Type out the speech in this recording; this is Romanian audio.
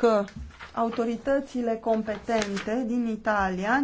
că autoritățile competente din Italia